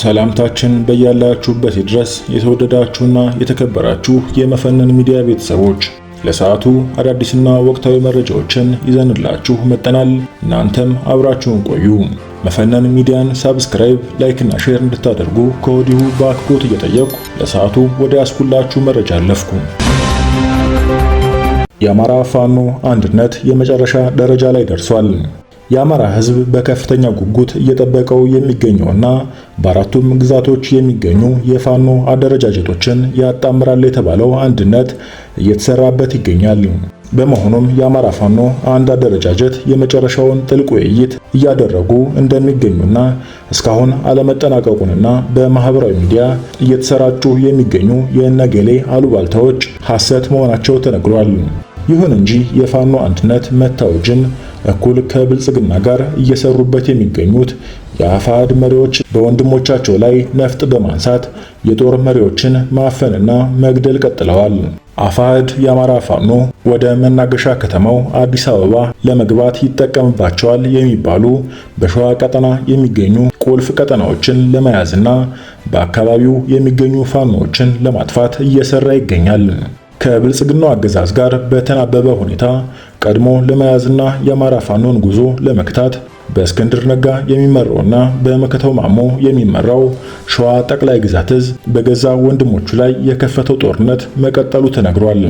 ሰላምታችን በያላችሁበት ድረስ የተወደዳችሁና የተከበራችሁ የመፈነን ሚዲያ ቤተሰቦች ለሰዓቱ አዳዲስና ወቅታዊ መረጃዎችን ይዘንላችሁ መጠናል። እናንተም አብራችሁን ቆዩ። መፈነን ሚዲያን ሳብስክራይብ፣ ላይክና ሼር እንድታደርጉ ከወዲሁ በአክብሮት እየጠየቁ ለሰዓቱ ወደ ያስኩላችሁ መረጃ አለፍኩ። የአማራ ፋኖ አንድነት የመጨረሻ ደረጃ ላይ ደርሷል። የአማራ ህዝብ በከፍተኛ ጉጉት እየጠበቀው የሚገኘውና በአራቱም ግዛቶች የሚገኙ የፋኖ አደረጃጀቶችን ያጣምራል የተባለው አንድነት እየተሰራበት ይገኛል። በመሆኑም የአማራ ፋኖ አንድ አደረጃጀት የመጨረሻውን ጥልቅ ውይይት እያደረጉ እንደሚገኙና እስካሁን አለመጠናቀቁንና በማህበራዊ ሚዲያ እየተሰራጩ የሚገኙ የነገሌ አሉባልታዎች ሐሰት መሆናቸው ተነግሯል። ይሁን እንጂ የፋኖ አንድነት መታወጅን እኩል ከብልጽግና ጋር እየሰሩበት የሚገኙት የአፋድ መሪዎች በወንድሞቻቸው ላይ ነፍጥ በማንሳት የጦር መሪዎችን ማፈንና መግደል ቀጥለዋል። አፋድ የአማራ ፋኖ ወደ መናገሻ ከተማው አዲስ አበባ ለመግባት ይጠቀምባቸዋል የሚባሉ በሸዋ ቀጠና የሚገኙ ቁልፍ ቀጠናዎችን ለመያዝና በአካባቢው የሚገኙ ፋኖዎችን ለማጥፋት እየሰራ ይገኛል። ከብልጽግናው አገዛዝ ጋር በተናበበ ሁኔታ ቀድሞ ለመያዝና የአማራ ፋኖን ጉዞ ለመክታት በእስክንድር ነጋ የሚመራውና በመከተው ማሞ የሚመራው ሸዋ ጠቅላይ ግዛት እዝ በገዛ ወንድሞቹ ላይ የከፈተው ጦርነት መቀጠሉ ተነግሯል።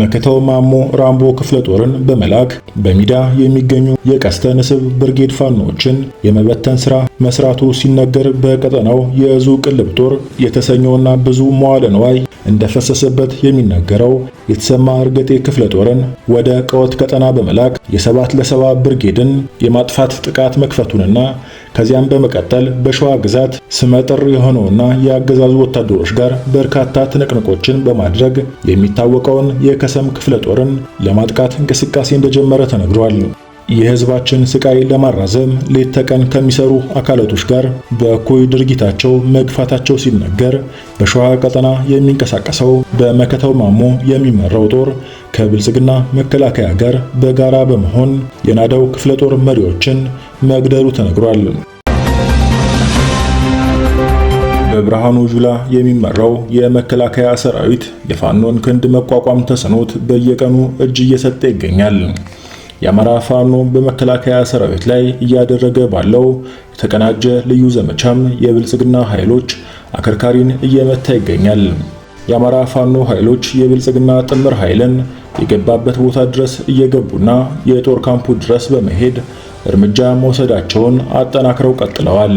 መከተው ማሞ ራምቦ ክፍለ ጦርን በመላክ በሚዳ የሚገኙ የቀስተ ንስብ ብርጌድ ፋኖችን የመበተን ስራ መስራቱ ሲነገር በቀጠናው የእዙ ቅልብ ጦር የተሰኘውና ብዙ መዋለ ንዋይ እንደፈሰሰበት የሚነገረው የተሰማ እርገጤ ክፍለ ጦርን ወደ ቀወት ቀጠና በመላክ የሰባት ለሰባ ብርጌድን የማጥፋት ጥቃት መክፈቱንና ከዚያም በመቀጠል በሸዋ ግዛት ስመጥር የሆነውና የአገዛዙ ወታደሮች ጋር በርካታ ትንቅንቆችን በማድረግ የሚታወቀውን የከሰም ክፍለ ጦርን ለማጥቃት እንቅስቃሴ እንደጀመረ ተነግሯል። የህዝባችን ስቃይ ለማራዘም ሌት ተቀን ከሚሰሩ አካላቶች ጋር በእኩይ ድርጊታቸው መግፋታቸው ሲነገር በሸዋ ቀጠና የሚንቀሳቀሰው በመከተው ማሞ የሚመራው ጦር ከብልጽግና መከላከያ ጋር በጋራ በመሆን የናደው ክፍለ ጦር መሪዎችን መግደሉ ተነግሯል። በብርሃኑ ጁላ የሚመራው የመከላከያ ሰራዊት የፋኖን ክንድ መቋቋም ተስኖት በየቀኑ እጅ እየሰጠ ይገኛል። የአማራ ፋኖ በመከላከያ ሰራዊት ላይ እያደረገ ባለው የተቀናጀ ልዩ ዘመቻም የብልጽግና ኃይሎች አከርካሪን እየመታ ይገኛል። የአማራ ፋኖ ኃይሎች የብልጽግና ጥምር ኃይልን የገባበት ቦታ ድረስ እየገቡና የጦር ካምፑ ድረስ በመሄድ እርምጃ መውሰዳቸውን አጠናክረው ቀጥለዋል።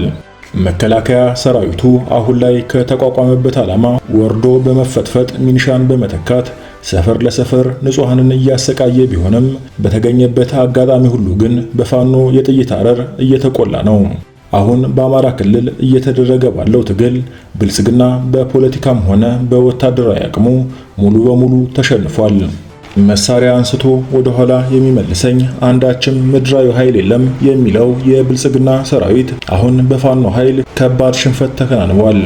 መከላከያ ሰራዊቱ አሁን ላይ ከተቋቋመበት ዓላማ ወርዶ በመፈጥፈጥ ሚኒሻን በመተካት ሰፈር ለሰፈር ንጹሐንን እያሰቃየ ቢሆንም በተገኘበት አጋጣሚ ሁሉ ግን በፋኖ የጥይት አረር እየተቆላ ነው። አሁን በአማራ ክልል እየተደረገ ባለው ትግል ብልጽግና በፖለቲካም ሆነ በወታደራዊ አቅሙ ሙሉ በሙሉ ተሸንፏል። መሳሪያ አንስቶ ወደ ኋላ የሚመልሰኝ አንዳችም ምድራዊ ኃይል የለም የሚለው የብልጽግና ሰራዊት አሁን በፋኖ ኃይል ከባድ ሽንፈት ተከናንቧል።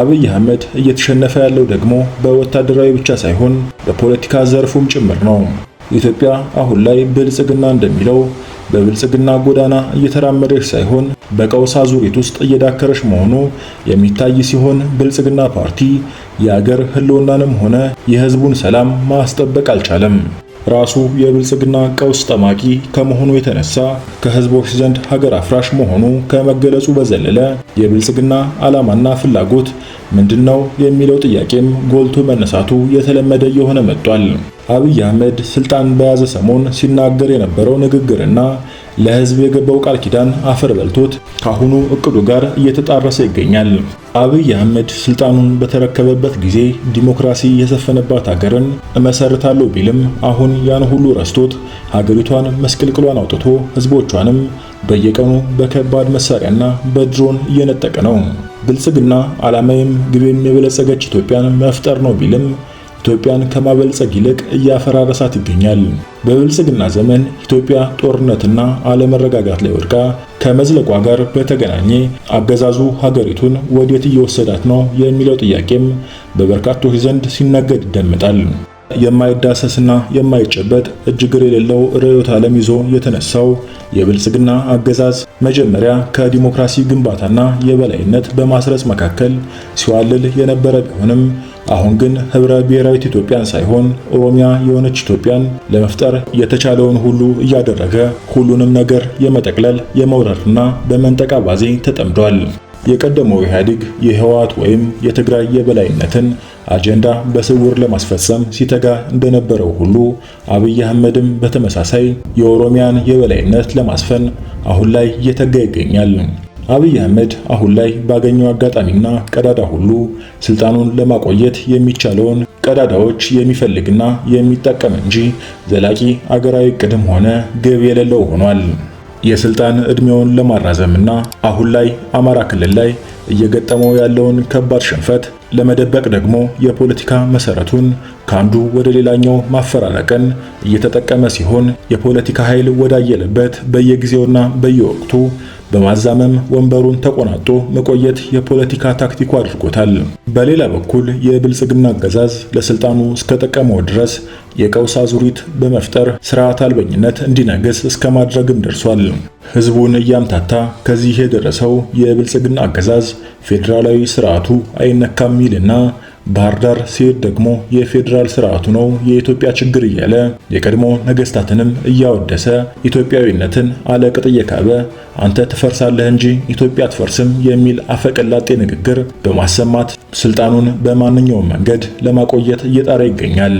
አብይ አህመድ እየተሸነፈ ያለው ደግሞ በወታደራዊ ብቻ ሳይሆን በፖለቲካ ዘርፉም ጭምር ነው። ኢትዮጵያ አሁን ላይ ብልጽግና እንደሚለው በብልጽግና ጎዳና እየተራመደች ሳይሆን በቀውስ አዙሪት ውስጥ እየዳከረች መሆኑ የሚታይ ሲሆን ብልጽግና ፓርቲ የአገር ህልውናንም ሆነ የህዝቡን ሰላም ማስጠበቅ አልቻለም። ራሱ የብልጽግና ቀውስ ጠማቂ ከመሆኑ የተነሳ ከህዝቦች ዘንድ ሀገር አፍራሽ መሆኑ ከመገለጹ በዘለለ የብልጽግና ዓላማና ፍላጎት ምንድን ነው የሚለው ጥያቄም ጎልቶ መነሳቱ የተለመደ እየሆነ መጥቷል። አብይ አህመድ ስልጣን በያዘ ሰሞን ሲናገር የነበረው ንግግርና ለህዝብ የገባው ቃል ኪዳን አፈር በልቶት ካሁኑ እቅዱ ጋር እየተጣረሰ ይገኛል። አብይ አህመድ ስልጣኑን በተረከበበት ጊዜ ዲሞክራሲ የሰፈነባት ሀገርን እመሰርታለሁ ቢልም አሁን ያን ሁሉ ረስቶት ሀገሪቷን መስቅልቅሏን አውጥቶ ህዝቦቿንም በየቀኑ በከባድ መሳሪያና በድሮን እየነጠቀ ነው። ብልጽግና ዓላማዬም ግቤም የበለጸገች ኢትዮጵያን መፍጠር ነው ቢልም ኢትዮጵያን ከማበልጸግ ይልቅ እያፈራረሳት ይገኛል። በብልጽግና ዘመን ኢትዮጵያ ጦርነትና አለመረጋጋት ላይ ወድቃ ከመዝለቋ ጋር በተገናኘ አገዛዙ ሀገሪቱን ወዴት እየወሰዳት ነው የሚለው ጥያቄም በበርካቶች ዘንድ ሲናገድ ይደመጣል። የማይዳሰስና የማይጨበጥ እጅግር የሌለው ርዕዮተ ዓለም ይዞ የተነሳው የብልጽግና አገዛዝ መጀመሪያ ከዲሞክራሲ ግንባታና የበላይነት በማስረጽ መካከል ሲዋልል የነበረ ቢሆንም አሁን ግን ህብረ ብሔራዊት ኢትዮጵያን ሳይሆን ኦሮሚያ የሆነች ኢትዮጵያን ለመፍጠር የተቻለውን ሁሉ እያደረገ ሁሉንም ነገር የመጠቅለል የመውረርና በመንጠቅ አባዜ ተጠምዷል። የቀደመው ኢህአዴግ የህወሓት ወይም የትግራይ የበላይነትን አጀንዳ በስውር ለማስፈጸም ሲተጋ እንደነበረው ሁሉ አብይ አህመድም በተመሳሳይ የኦሮሚያን የበላይነት ለማስፈን አሁን ላይ እየተጋ ይገኛል። አብይ አህመድ አሁን ላይ ባገኘው አጋጣሚና ቀዳዳ ሁሉ ስልጣኑን ለማቆየት የሚቻለውን ቀዳዳዎች የሚፈልግና የሚጠቀም እንጂ ዘላቂ አገራዊ ቅድም ሆነ ግብ የሌለው ሆኗል። የስልጣን እድሜውን ለማራዘምና አሁን ላይ አማራ ክልል ላይ እየገጠመው ያለውን ከባድ ሽንፈት ለመደበቅ ደግሞ የፖለቲካ መሰረቱን ከአንዱ ወደ ሌላኛው ማፈራረቅን እየተጠቀመ ሲሆን የፖለቲካ ኃይል ወዳየለበት በየጊዜውና በየወቅቱ በማዛመም ወንበሩን ተቆናጦ መቆየት የፖለቲካ ታክቲኩ አድርጎታል። በሌላ በኩል የብልጽግና አገዛዝ ለስልጣኑ እስከጠቀመው ድረስ የቀውስ አዙሪት በመፍጠር ስርዓት አልበኝነት እንዲነግስ እስከ ማድረግም ደርሷል። ህዝቡን እያምታታ ከዚህ የደረሰው የብልጽግና አገዛዝ ፌዴራላዊ ስርዓቱ አይነካም ይልና ባህር ዳር ሲሄድ ደግሞ የፌዴራል ስርዓቱ ነው የኢትዮጵያ ችግር እያለ የቀድሞ ነገስታትንም እያወደሰ ኢትዮጵያዊነትን አለቅጥ እየካበ አንተ ትፈርሳለህ እንጂ ኢትዮጵያ አትፈርስም የሚል አፈቀላጤ ንግግር በማሰማት ስልጣኑን በማንኛውም መንገድ ለማቆየት እየጣረ ይገኛል።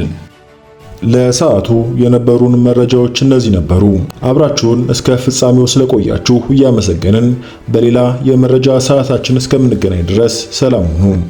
ለሰዓቱ የነበሩን መረጃዎች እነዚህ ነበሩ። አብራችሁን እስከ ፍጻሜው ስለቆያችሁ እያመሰገንን በሌላ የመረጃ ሰዓታችን እስከምንገናኝ ድረስ ሰላም ሁኑ።